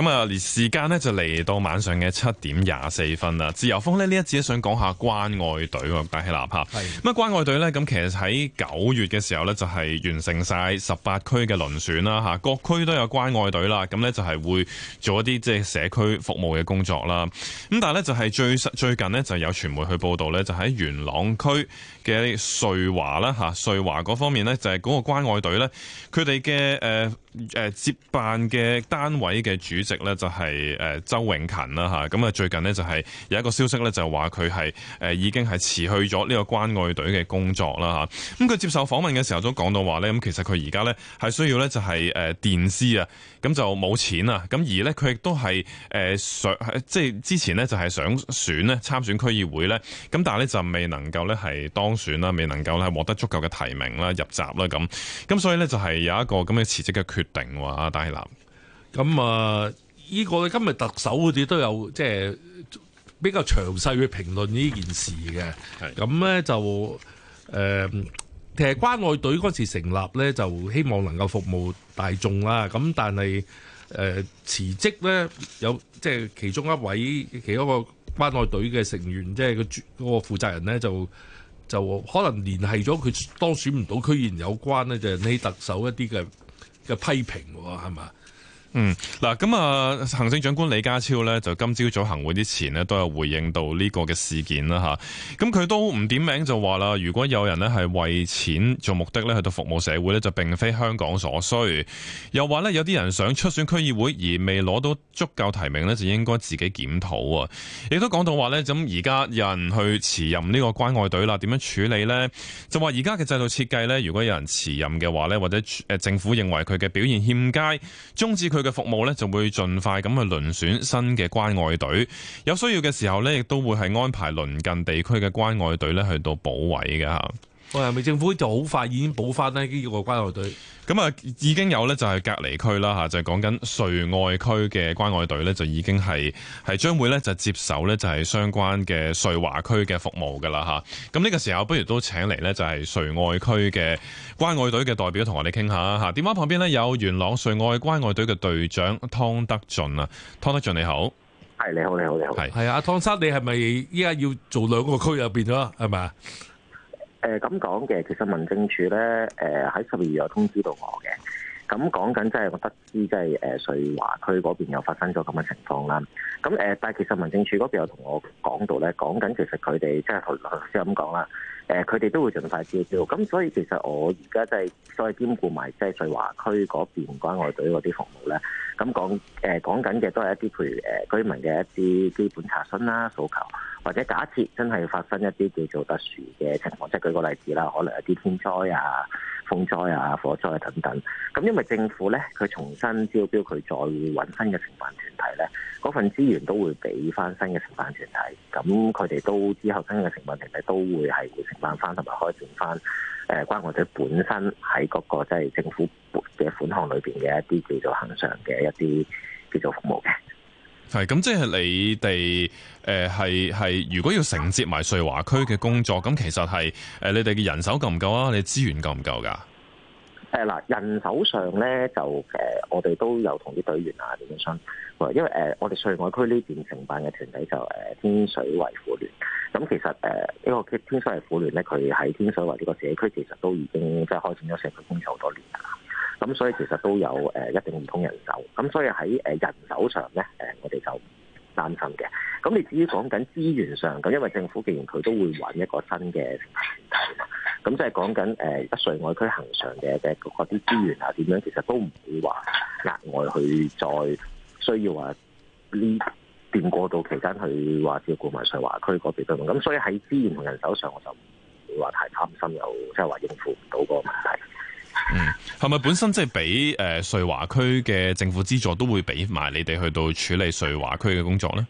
咁啊，時間呢就嚟到晚上嘅七點廿四分啦。自由風呢，呢一次想講下關愛隊喎，戴希立吓。咁啊的，關愛隊咧，咁其實喺九月嘅時候呢，就係、是、完成晒十八區嘅輪選啦，吓，各區都有關愛隊啦。咁呢就係會做一啲即係社區服務嘅工作啦。咁但係呢，就係、是、最最近呢，就有傳媒去報道呢，就喺、是、元朗區嘅瑞華啦吓，瑞華嗰方面呢，就係、是、嗰個關愛隊呢，佢哋嘅誒。呃誒接辦嘅單位嘅主席呢，就係誒周永勤啦嚇。咁啊，最近呢，就係有一個消息呢，就係話佢係誒已經係辭去咗呢個關愛隊嘅工作啦嚇。咁、啊、佢、啊、接受訪問嘅時候都講到話、啊、呢，咁其實佢而家呢係需要呢、就係，就係誒墊資啊，咁就冇錢啊。咁而呢，佢亦都係誒想，即係之前呢，就係想選呢參選區議會呢。咁、啊、但係呢，就未能夠呢，係當選啦，未能夠呢，獲得足夠嘅提名啦入閘啦咁。咁、啊啊、所以呢，就係有一個咁嘅辭職嘅決。決定話啊，南、這個，咁啊，呢個今日特首嗰啲都有即係、就是、比較詳細去評論呢件事嘅。咁咧是的、嗯、就誒、呃，其實關愛隊嗰時成立咧，就希望能夠服務大眾啦。咁但係誒辭職咧，有即係、就是、其中一位其中一個關愛隊嘅成員，即、就、係、是、個主嗰個負責人咧，就就可能聯繫咗佢當選唔到區議員有關咧，就係特首一啲嘅。嘅批評，喎係嘛？嗯，嗱咁啊，行政長官李家超咧就今朝早行會之前咧，都有回應到呢個嘅事件啦吓。咁、啊、佢都唔點名就話啦，如果有人咧係為錢做目的咧，去到服務社會咧，就並非香港所需。又話咧有啲人想出選區議會而未攞到足夠提名咧，就應該自己檢討啊。亦都講到話咧，咁而家人去辭任呢個關愛隊啦，點樣處理咧？就話而家嘅制度設計咧，如果有人辭任嘅話咧，或者誒、呃、政府認為佢嘅表現欠佳，終止佢。佢嘅服務咧就會盡快咁去遴選新嘅關愛隊，有需要嘅時候咧，亦都會係安排鄰近地區嘅關愛隊咧去到補位嘅吓。我哋政府就好快已經補翻呢啲個關愛隊。咁啊、嗯，已經有咧就係隔離區啦吓，就講、是、緊、就是、瑞愛區嘅關愛隊咧，就已經係係將會咧就接手咧就係相關嘅瑞華區嘅服務噶啦吓。咁、嗯、呢、這個時候，不如都請嚟，咧就係、是、瑞愛區嘅關愛隊嘅代表同我哋傾下吓。電話旁邊呢有元朗瑞愛關愛隊嘅隊長湯德駿啊，湯德駿你好，係你好你好你好，係係阿湯生，你係咪依家要做兩個區入邊咗，係咪啊？誒，咁講嘅，其實民政處咧，誒喺十二月有通知到我嘅。咁講緊即係我得知，即係誒瑞華區嗰邊又發生咗咁嘅情況啦。咁誒、呃，但係其實民政處嗰邊有同我講到咧，講緊其實佢哋即係頭頭先咁講啦，誒佢哋都會盡快照照。咁所以其實我而家即係再兼顧埋即係瑞華區嗰邊關愛隊嗰啲服務咧。咁講誒講緊嘅都係一啲譬如誒、呃、居民嘅一啲基本查詢啦、訴求，或者假設真係發生一啲叫做特殊嘅情況，即係舉個例子啦，可能一啲天災啊。 風災啊、火災啊等等，咁因為政府咧，佢重新招標，佢再會揾新嘅承辦團體咧，嗰份資源都會俾翻新嘅承辦團體，咁佢哋都之後新嘅承辦團體都會係會承辦翻同埋開展翻，誒、呃、關愛隊本身喺嗰個即係政府嘅款項裏邊嘅一啲叫做恒常嘅一啲叫做服務嘅。係咁、嗯，即係你哋誒，係、呃、係，如果要承接埋瑞華區嘅工作，咁其實係誒、呃，你哋嘅人手夠唔夠啊？你資源夠唔夠噶？誒嗱、呃，人手上咧就誒、呃，我哋都有同啲隊員啊點樣相處，因為誒、呃，我哋瑞華區呢邊承辦嘅團體就誒、是呃、天水圍婦聯，咁、呃、其實誒呢個天水圍婦聯咧，佢喺天水圍呢個社區，其實都已經即係開展咗社區工作好多年啦。咁所以其實都有誒一定唔通人手，咁所以喺誒人手上咧，誒我哋就唔擔心嘅。咁你至於講緊資源上咁，因為政府既然佢都會揾一個新嘅平台嘛，咁即係講緊誒瑞華外區行上嘅嘅嗰啲資源啊，點樣其實都唔會話額外去再需要話呢段過渡期間去話照顧埋瑞華區嗰邊。咁所以喺資源同人手上我就唔會話太擔心，又即係話應付唔到個問題。嗯，係咪本身即係俾誒瑞華區嘅政府資助都會俾埋你哋去到處理瑞華區嘅工作咧？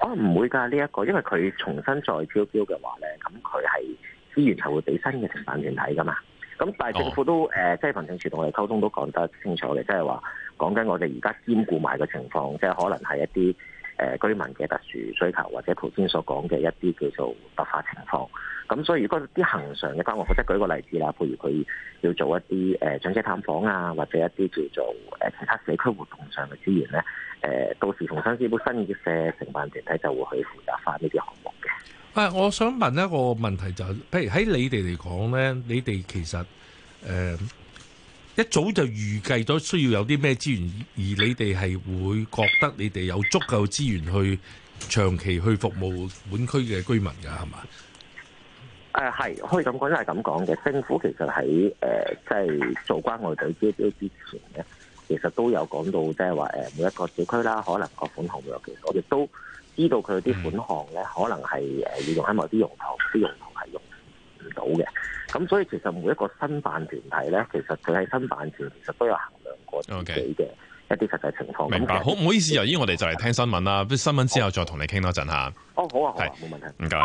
可能唔會噶呢一個，因為佢重新再招標嘅話咧，咁佢係資源係會俾新嘅承辦團體噶嘛。咁但係政府都誒，即係民政事務處同我哋溝通都講得清楚嘅，即係話講緊我哋而家兼顧埋嘅情況，即係可能係一啲。誒、呃、居民嘅特殊需求，或者頭先所講嘅一啲叫做突發情況，咁、嗯、所以如果啲恆常嘅班，我即係舉個例子啦，譬如佢要做一啲誒長者探訪啊，或者一啲叫做誒、呃、其他社區活動上嘅資源咧，誒、呃、到時重新招募新嘅社承辦團體就會去負責翻呢啲項目嘅。啊、哎，我想問一個問題就係、是，譬如喺你哋嚟講咧，你哋其實誒。呃一早就預計咗需要有啲咩資源，而你哋係會覺得你哋有足夠資源去長期去服務本區嘅居民㗎，係嘛？誒，係可以咁講，真係咁講嘅。政府其實喺誒即係做關愛隊之前咧，其實都有講到即係話誒每一個小區啦，可能各款項，其實我亦都知道佢啲款項咧，可能係誒要用喺某啲用途啲用途。唔到嘅，咁、嗯、所以其實每一個申辦團體咧，其實佢喺申辦前其實都有衡量過自己嘅一啲實際情況。Okay. 嗯、明白。好唔、就是、好意思，由於我哋就嚟聽新聞啦，新聞之後再同你傾多陣嚇。哦，好啊，好啊，冇是問題，唔該謝。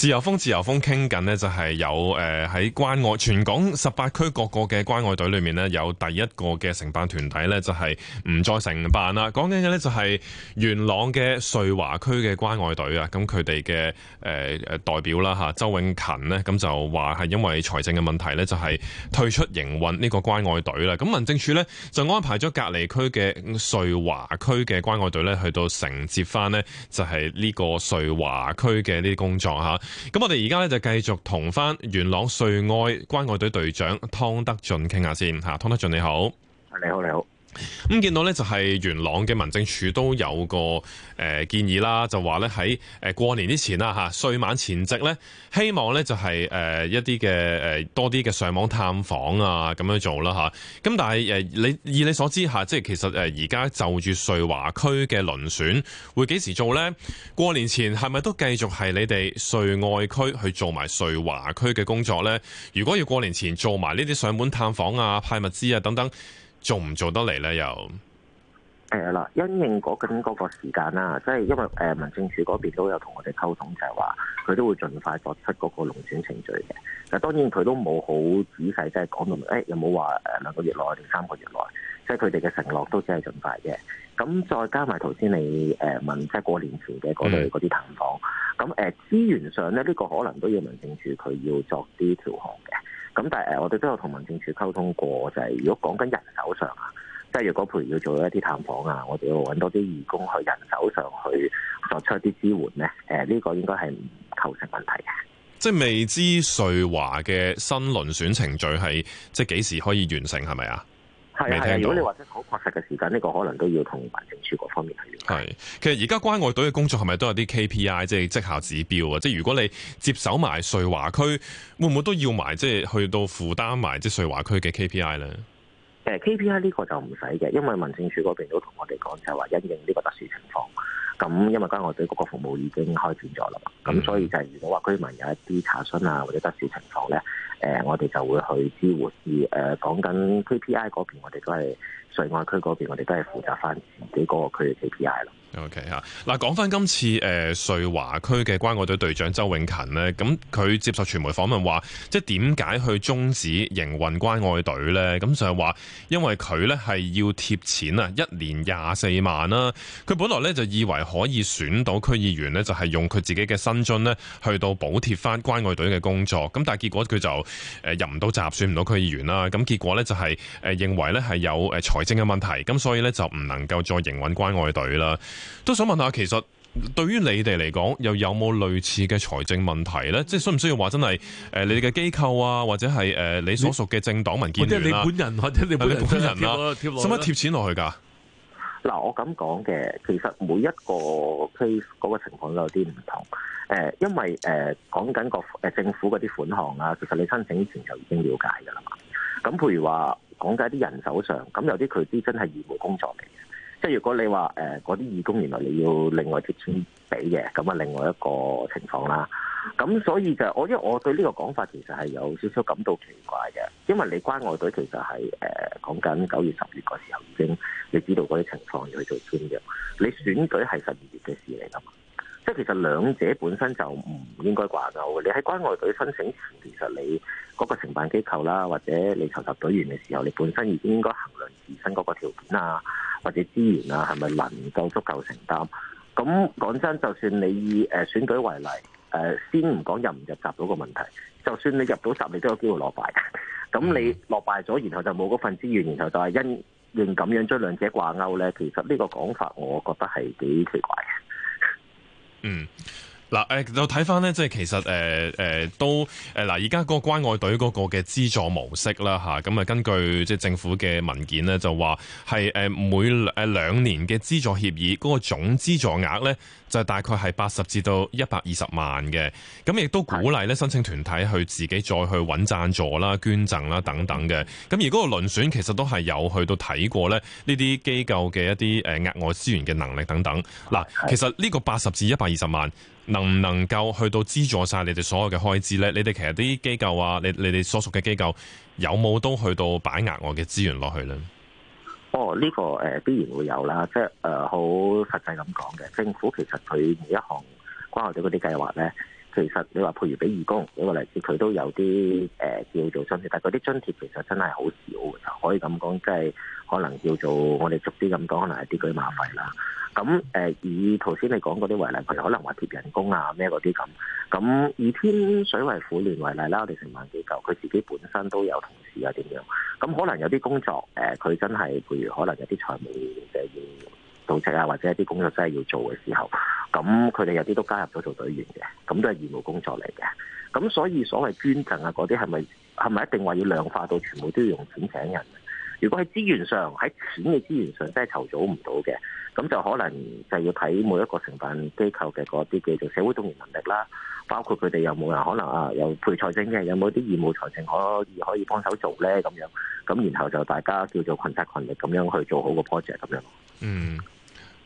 自由風自由風傾緊呢，就係、是、有誒喺、呃、關愛全港十八區各個嘅關愛隊裏面呢，有第一個嘅承辦團體呢，就係唔再承辦啦。講緊嘅呢，就係元朗嘅瑞華區嘅關愛隊啊，咁佢哋嘅誒誒代表啦嚇，周永勤呢，咁就話係因為財政嘅問題呢，就係退出營運呢個關愛隊啦。咁民政處呢，就安排咗隔離區嘅瑞華區嘅關愛隊呢，去到承接返呢，就係呢個瑞華區嘅呢啲工作嚇。咁我哋而家咧就繼續同翻元朗瑞愛關愛隊隊長湯德駿傾下先吓。湯德駿你好，你好，你好。你好咁見到咧就係元朗嘅民政處都有個誒、呃、建議啦，就話咧喺誒過年之前啦吓，歲、啊、晚前夕咧，希望咧就係、是、誒、呃、一啲嘅誒多啲嘅上網探訪啊，咁樣做啦吓。咁、啊、但係誒、呃、你以你所知吓、啊，即係其實誒而家就住瑞華區嘅輪選會幾時做咧？過年前係咪都繼續係你哋瑞愛區去做埋瑞華區嘅工作咧？如果要過年前做埋呢啲上門探訪啊、派物資啊等等。做唔做得嚟咧？又，誒啦，因應嗰緊嗰個時間啦，即係因為誒民政處嗰邊都有同我哋溝通，就係話佢都會盡快作出嗰個遴選程序嘅。嗱，當然佢都冇好仔細即係講到，誒、欸、有冇話誒兩個月內定三個月內，即係佢哋嘅承諾都只係盡快嘅。咁再加埋頭先你誒問，即係過年前嘅嗰度啲探訪，咁誒資源上咧呢、這個可能都要民政處佢要作啲調控嘅。咁但係誒，我哋都有同民政處溝通過，就係、是、如果講緊人手上啊，即係若果譬如要做一啲探訪啊，我哋要揾多啲義工去人手上去作出一啲支援咧。誒、呃，呢、這個應該係唔構成問題嘅。即係未知瑞華嘅新輪選程序係即係幾時可以完成係咪啊？是係啊，如果你或者講確實嘅時間，呢、這個可能都要同民政處嗰方面係。係，其實而家關愛隊嘅工作係咪都有啲 KPI，即係績效指標啊？即、就、係、係、如果你接手埋瑞華區，會唔會都要埋即係去到負擔埋即係瑞華區嘅 KPI 咧？誒，KPI 呢個就唔使嘅，因為民政處嗰邊都同我哋講就係話因應呢個特殊情況。咁因為關我哋嗰個服務已經開展咗啦嘛，咁所以就係如果話居民有一啲查詢啊或者特殊情況咧，誒、呃、我哋就會去支援。而誒講緊 KPI 嗰邊，我哋都係。外區嗰邊，我哋都係負責翻自己嗰個區嘅 GPI 咯。OK 吓，嗱講翻今次誒、呃，瑞華區嘅關愛隊隊長周永勤呢，咁佢接受傳媒訪問話，即係點解佢終止營運關愛隊呢？咁就係話因為佢呢係要貼錢啊，一年廿四萬啦。佢本來呢就以為可以選到區議員呢，就係用佢自己嘅薪津呢去到補貼翻關愛隊嘅工作。咁但係結果佢就誒入唔到閘，選唔到區議員啦。咁結果呢就係、是、誒、呃、認為咧係有誒財。政嘅問題，咁所以咧就唔能夠再營運關愛隊啦。都想問下，其實對於你哋嚟講，又有冇類似嘅財政問題咧？即係需唔需要話真係，誒、呃，你哋嘅機構啊，或者係誒、呃、你所屬嘅政黨、民建聯啦，或者你本人，或者你，或者你本人使乜貼錢落去噶？嗱，我咁講嘅，其實每一個 case 嗰個情況都有啲唔同，誒、呃，因為誒講緊個誒政府嗰啲款項啊，其實你申請之前就已經了解噶啦嘛。咁譬如話。講解啲人手上，咁有啲佢啲真係義務工作嚟嘅，即係如果你話誒嗰啲義工原來你要另外貼錢俾嘅，咁啊另外一個情況啦。咁所以就我因為我對呢個講法其實係有少少感到奇怪嘅，因為你關愛隊其實係誒、呃、講緊九月、十月嗰時候已經你知道嗰啲情況要去做宣揚，你選舉係十二月嘅事嚟㗎嘛。即係其實兩者本身就唔應該掛鈎嘅。你喺關愛隊申請前，其實你嗰個承辦機構啦，或者你籌集隊員嘅時候，你本身已經應該衡量自身嗰個條件啊，或者資源啊，係咪能夠足夠承擔？咁講真，就算你以誒選舉為例，誒先唔講入唔入閘嗰個問題，就算你入到閘，你都有機會落敗。咁你落敗咗，然後就冇嗰份資源，然後就係因應咁樣將兩者掛鈎咧，其實呢個講法，我覺得係幾奇怪。嗯。嗱，誒就睇翻咧，即係其實誒誒、呃呃、都誒嗱，而、呃、家個關愛隊嗰個嘅資助模式啦，吓，咁啊，根據即係政府嘅文件咧，就話係誒每誒兩年嘅資助協議，嗰、嗰個總資助額咧、啊、就係大概係八十至到一百二十萬嘅。咁、啊、亦都鼓勵咧申請團體去自己再去揾贊助啦、捐贈啦等等嘅。咁、啊啊啊、而嗰個輪選其實都係有去到睇過咧呢啲機構嘅一啲誒額外資源嘅能力等等。嗱、啊，其實呢個八十至一百二十萬，能唔能夠去到資助晒你哋所有嘅開支呢？你哋其實啲機構啊，你你哋所屬嘅機構有冇都去到擺額外嘅資源落去呢？哦，呢、呢個誒、呃、必然會有啦，即係好、呃、實際咁講嘅。政府其實佢每一項關愛隊嗰啲計劃呢，其實你話譬如俾義工，舉、個例子，佢都有啲誒、呃、叫做津貼，但嗰啲津貼其實真係好少，可以咁講即係。可能叫做我哋逐啲咁講，可能係啲車馬費啦。咁誒，以頭先你講嗰啲為例，譬如可能話貼人工啊咩嗰啲咁。咁以天水圍婦聯為例啦，我哋成萬幾個佢自己本身都有同事啊，點樣咁可能有啲工作誒，佢真係譬如可能有啲財務即係要組織啊，或者一啲工作真係要做嘅時候，咁佢哋有啲都加入咗做隊員嘅，咁都係義務工作嚟嘅。咁所以所謂捐贈啊嗰啲係咪係咪一定話要量化到全部都要用錢請人？如果喺資源上，喺錢嘅資源上真係籌組唔到嘅，咁就可能就要睇每一個承辦機構嘅嗰啲叫做社會動員能力啦，包括佢哋有冇人可能啊，有配財政嘅，有冇啲義務財政可以可以幫手做呢？咁樣，咁然後就大家叫做群策群力咁樣去做好個 project 咁樣。嗯。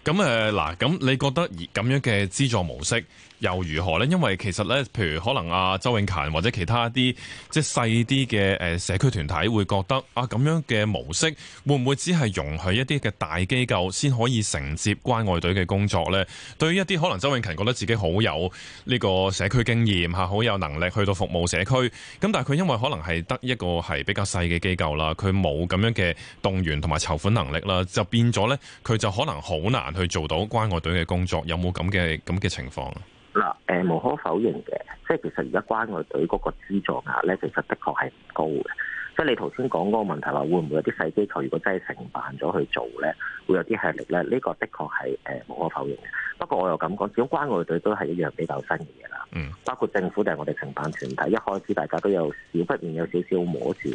咁誒嗱，咁、嗯、你覺得咁樣嘅資助模式又如何咧？因為其實咧，譬如可能啊周永勤或者其他啲即係細啲嘅誒社區團體會覺得啊，咁樣嘅模式會唔會只係容許一啲嘅大機構先可以承接關愛隊嘅工作咧？對於一啲可能周永勤覺得自己好有呢個社區經驗吓，好有能力去到服務社區，咁但係佢因為可能係得一個係比較細嘅機構啦，佢冇咁樣嘅動員同埋籌款能力啦，就變咗咧，佢就可能好難。去做到關愛隊嘅工作有冇咁嘅咁嘅情況？嗱、呃，誒、呃、無可否認嘅，即係其實而家關愛隊嗰個資助額咧，其實的確係唔高嘅。即係你頭先講嗰個問題話，會唔會有啲細機構如果真係承辦咗去做咧，會有啲壓力咧？呢、呢個的確係誒、呃、無可否認嘅。不過我又咁講，始終關愛隊都係一樣比較新嘅嘢啦。嗯，包括政府定係我哋承辦團體，一開始大家都有少不免有少少摸住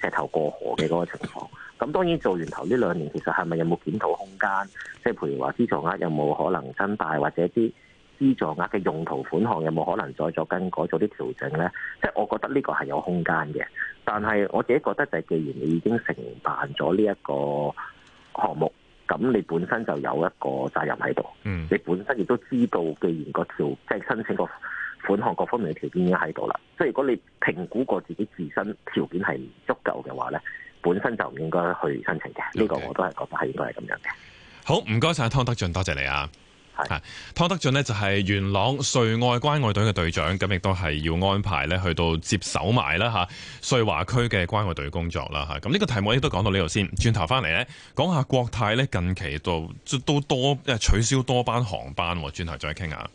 石頭過河嘅嗰個情況。 咁當然做完頭呢兩年，其實係咪有冇檢討空間？即係譬如話資助額有冇可能增大，或者啲資助額嘅用途、款項有冇可能再作更改、做啲調整呢？即係我覺得呢個係有空間嘅。但係我自己覺得就係，既然你已經承辦咗呢一個項目，咁你本身就有一個責任喺度。嗯，你本身亦都知道，既然個條即係申請個款項各方面嘅條件已經喺度啦，所以如果你評估過自己自身條件係唔足夠嘅話呢，本身就唔應該去申請嘅，呢 Okay. 個我都係覺得係應該係咁樣嘅。好，唔該晒，湯德駿，多謝你啊。係是，湯德駿呢，就係元朗瑞愛關愛隊嘅隊長，咁亦都係要安排咧去到接手埋啦吓，瑞華區嘅關愛隊工作啦嚇。咁呢個題目亦都講到呢度先，轉頭翻嚟咧講下國泰咧近期度都，都多取消多班航班，轉頭再傾下。